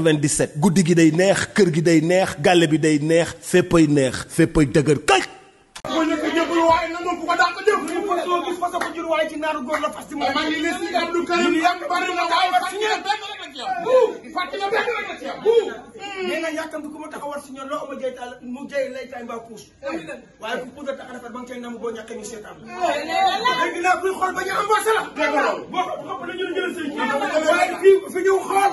97 guddi gi day neex kër gi day neex gàlle bi day neex féppay neex féppay dëgër kay moo njëkk ci naaru hmm. yàkkam bi ku ma tax war si ñoom loo am a taal mu jëy lay taay mbaa puus. waaye ku puus a tax a ba nga cay namm boo ñàkkee ñu seetaan. boo ko xamante ñëw xool.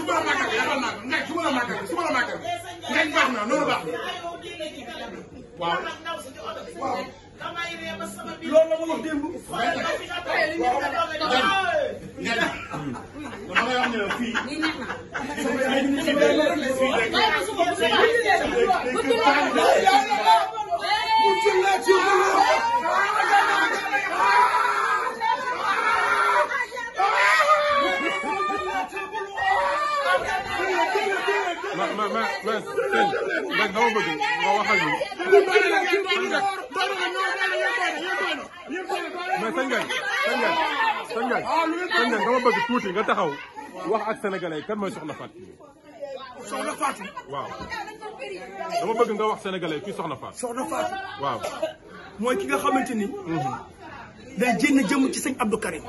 suba la màggal yàlla naa ko Ngañ suba la màggal suba la màggal Ngañ baax na loolu baax na. waaw waaw. loolu la ma wax démb. waaw. loo bëgg nga waxal ñu. mais sëñ Ngagne sëñ taxaw wax ak sénégalais kan mooy soxna Fatou. soxna waaw nga wax sénégalais kii soxna Fatou. soxna Fatou. waaw. mooy ki nga xamante ni. day jéem ci sëñ Abdou Karim.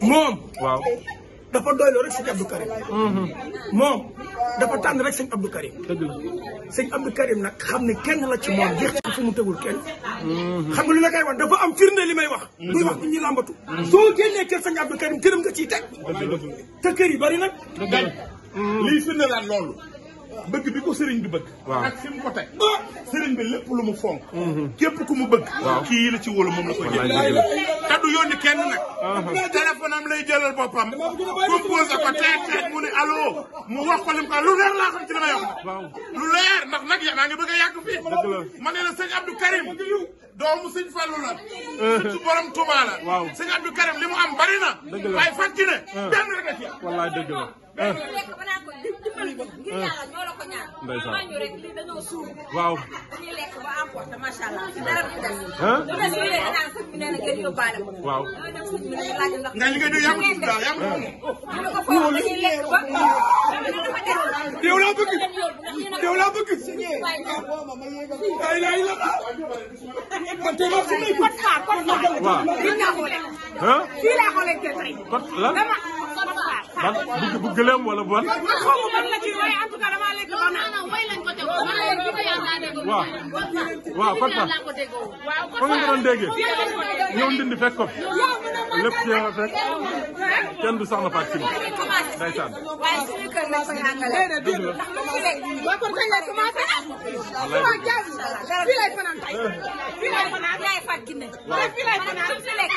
moom. waaw. dafa doyloo rek sëñ Abdou Karim. Mhm. moom dafa tànn rek sëñ Abdou Karim. dëgg la sëñ Abdou Karim nag xam ne kenn la ci moom jeex ci fu mu tegul kenn. Mhm. xam nga lu la koy wax dafa am firnde li may wax. muy mhm. wax bu ñuy làmbatu. soo génnee kër sëñ Abdou Karim këram nga ciy teg. te kër yi bari nag. dëgg la liy firnde la loolu. bëgg bi ko sëriñ bi bëgg ak fi mu ko teg ah! bi lépp lu mu fonk mhm. képp ku mu bëgg kii la ci wóolu moom la ko jël te du yónni kenn nag mhm. téléphone am lay jëlal boppam composé ko teeg teeg mu ne allo mu wax ko lim ko lu leer laa xam ci li may lu leer ndax nag yaa ngi bëgg a yàgg fii ma ne la sëñ Abdou Karim doomu sëñ la. su eh. borom Touba la. waaw sëñ Karim li mu am waaye fàttine. Eh. benn rek la ci am. wallaay dëgg la. lekk eh. ba naa ko dimbali waaw dañuy lekk ba am du des. waaw yow laa bëgg yow laa bëgg ay la ay la kon tey kon faa kon faa waaw fii laa xoolee tey tey lan ban bu gëlëm wala ban xamu ban la ci waaye en tout cas dama lekk ba naa waaw waaw kon faa fa nga doon déggee ñëw ndindi fekk ko lépp ci yow fekk kenn du soxna Fatou Kiné ndeysaan. waaye suñu kër la koy àngalee. dëgg la ndax lu mu ne boo ko tëjee commencé na. wallaahi waaw jaay fii lay fanaan tey. fii lay fanaan yaay Fatou Kiné. waaw fii lay fanaan suñu lekk.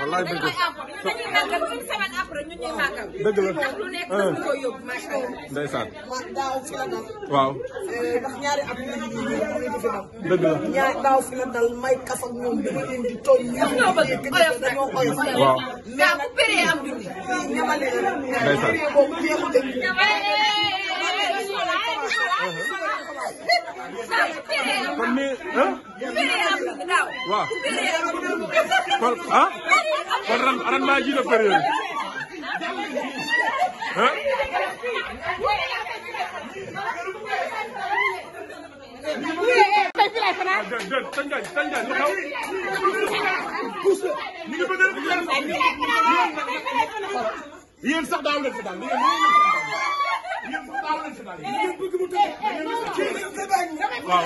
wallaahi dëgg la dañuy màggal une semaine après ñun ñuy màggal. dëgg la ndax lu nekk dañu ko yóbbu macha allah. ndeysaan. daaw fi la dal. waaw. ndax ñaari at ñu ngi fi dal. dëgg la ñaar daaw fi la dal may kaf ak ñoom dama leen di tooñ. ñoo bëgg oyof rek dañoo oyof. waaw. béré am junni kon ni hein waaw kon ah kon ran ran maa jiite béré hein Tandiagne Tandiagne lu xaw ñu ngi bëgg yéen sax daaw leen fi daal yéen daaw leen fi daal yéen bëgg mu tëj eh, eh, waaw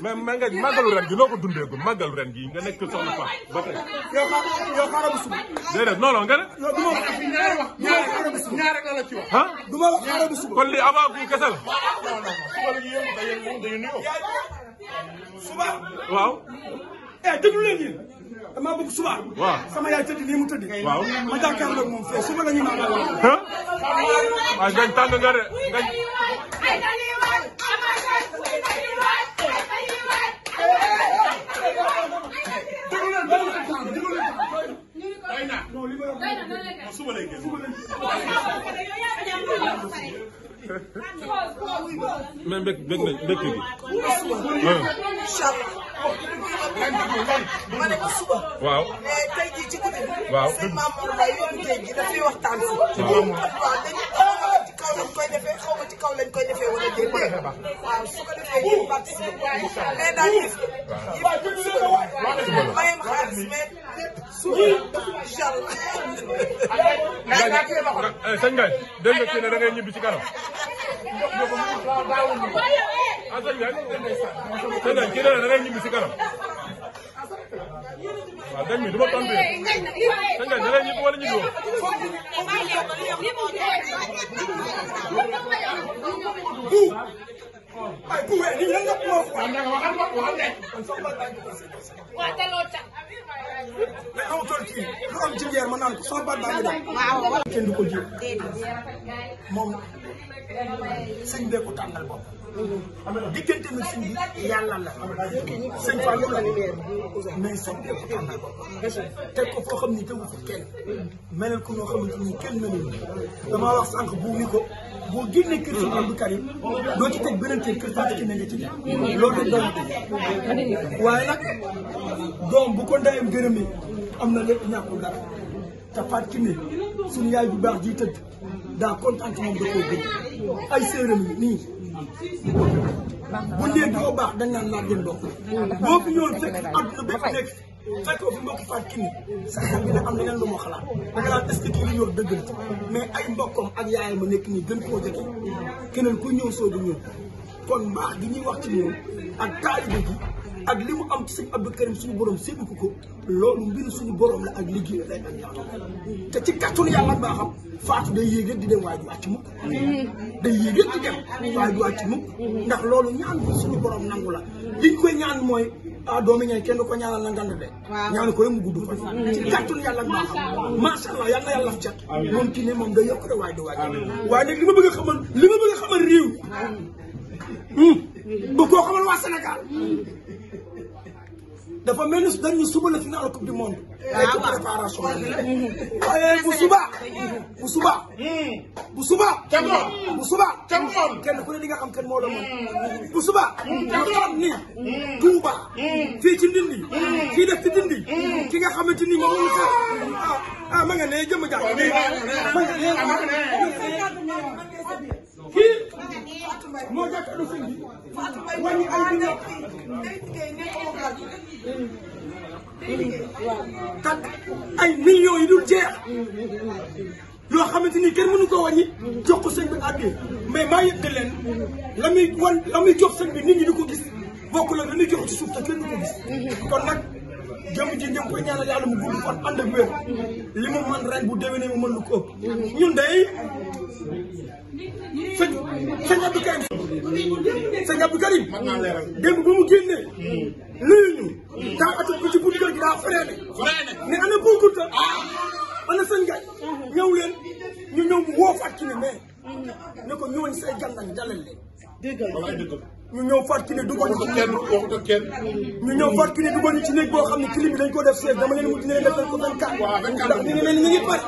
mais mais nga màggalu ren gi noo ko dundeegul màggalu ren gi nga nekk soxna Fatou ba tey. yow xaaral yow xaaral bu suba. déedéet non non nga ne. yow du ma wax ñaar wax ñaar xaaral bu suba ñaar rek la la ci wax. ah du ma wax xaaral bu suba. kon lii avant bu kese la. non non suba la ñuy yëngu dañuy yëngu dañuy nuyoo. suba. waaw. eh déglu leen yéen. damaa bëgg suba. waaw sama yaay tëdd nii mu tëdd. waaw ma jàkkaarloog moom fee suba la ñu naan. waaw ngañ tàng nga de ngañ. ma suba lay génn. mais mbég mbég nañ mbég gi. ma ne ko suba. waaw mais tey jii ci guddi. waaw seen Mamour Mbaye yoonu tey jii dafay waxtaan si. waaw waaw ci kaw lañ koy defee xaw ma ci kaw lañ koy defee wala déedéet. waaw su ko defee ñu participer. mais daal yëf. waaw yëf mayem xaalis mais. sëñ Ngaye dégg nga kii ne da ngay ñibbi ci kanam. ah sëñ Ngaye sëñ Ngaye kii ne da ngay ñibbi ci kanam. waaw dañ mi du ma tontu yéen sëñ Ngaye da ngay ñibbi wala ñibbi woo. bu ay bu wéy nii lan nga ko wax. waaw te loolu tax. ak fii lu ma naan ko sama baat baa ngi kenn du ko ji moom sëñ bee ko tànnal bopp diggante na sëñ bi yàlla la sëñ fa yow la mais sëñ bee ko tànnal bopp teg ko foo xam ni tegu ko kenn melal ko noo xamante ni kenn melul damaa wax sànq buumi ko boo génnee kër Serigne Abdou Karim doo ci teg beneen kër kër Fatou Kiné nga ci def loolu la doom bi waaye nag doom bu ko ndeyam gërëmee am na lépp ñàkkul dara te Fatou Kiné suñu yaay bu baax ji tëdd daa kontaan moom da koo gën ay séeréer yi nii bu ndee doo baax dañ naan naat ngeen bokk boo fi ñëwoon fekk àdduna bépp nekk fekk ko fi mbokk faat kinni sa xel bi ne am na leen lu mu xalaat da nga naan kii li ñor dëgg la mais ay mbokkam ak yaayam a nekk nii gën koo jege keneen ku ñëw soogu ñëw kon mbaax gi ñuy wax ci moom ak taalibe gi ak li mu am ci suñu Abdou Karim suñu borom séddu ko loolu mbiru suñu borom la ak liggéey te ci kattanu yàlla mbaaxam faatu day yéeg di dem waaye du wàcc mukk mukk ndax loolu ñaan bi suñu borom nangu la liñ koy ñaan mooy ah doomi ñay kenn ko ñaanal la ngand de ñaanu ko rek mu gudd fan ci kàttun yàlla ak baaxam macha allah yàlla yàlla laf cat moom ne moom day waaye du waaj waaye nag li ma bëgg a xamal li ma bëgg a xamal réew hmm. bu waa Sénégal dafa mel ni dañu suba la final coupe du monde. waaw eh, waaw préparation waaye bu suba. bu suba. Hmm. bu suba. jamono bu suba. jamono kenn ku ne di nga xam kenn moo doon mën. Hmm. bu suba. jamono ni Touba. fii ci Ndindi. kii hmm. def ci Ndindi. ki nga xamante ni moom la ah, ñu ah ma nga nee jëm jàpp. ma nga nee ah. moo jàkkaarloo sëñ bi wàññi ay bi ñor. ak ay millions yi dul jeex yoo xamante ni kenn mënu ko wàññi jox ko sëñ bi àddee mais maa yëg ne leen la muy wan la muy jox sëñ bi nit ñi di ko gis bokkul ak la muy jox ci suuf te kenn ko gis kon nag. jëm ji ñu koy ñaanal yàlla mu gudd fan ànd ak wér li mu man ren bu déwénee mu mën lu ko ëpp ñun day sëñ sëñ Abdou Karim sëñ Abdou Karim démb ba mu génnee nuyu ñu daa atal ko ci buntu daa freiné ne ana Boucounta ah. ana sëñ Gaye ñëw leen ñu ñëw mu woo fàcc ne mais ne ko ñooñ say gan lañ dalal ñu ñëw faat ki ne dugal ñu ci néeg ñu ñëw faat ki ne dugal ci néeg boo xam ne clim bi dañ ko def seet dama leen wut ne leen defal ko 24. waaw ñu ngi mel ñu ngi bëri.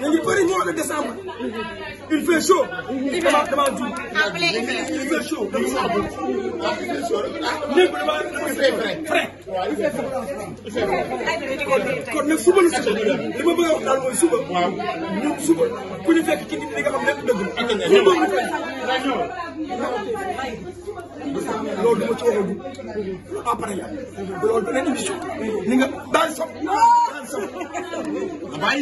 ñu ngi bëri mois de décembre. il fait chaud. dama dama ju. Ah, il fait chaud kon nag suba la suba li ma bëgg a wax daal mooy suba. waaw ñun suba ku ñu fekk ci nit ñi nga xam ne dëgg la. ñu bëgg ñu fekk. loolu dama ci waxoon après la. loolu beneen émission. ni nga bàyyi soxla bàyyi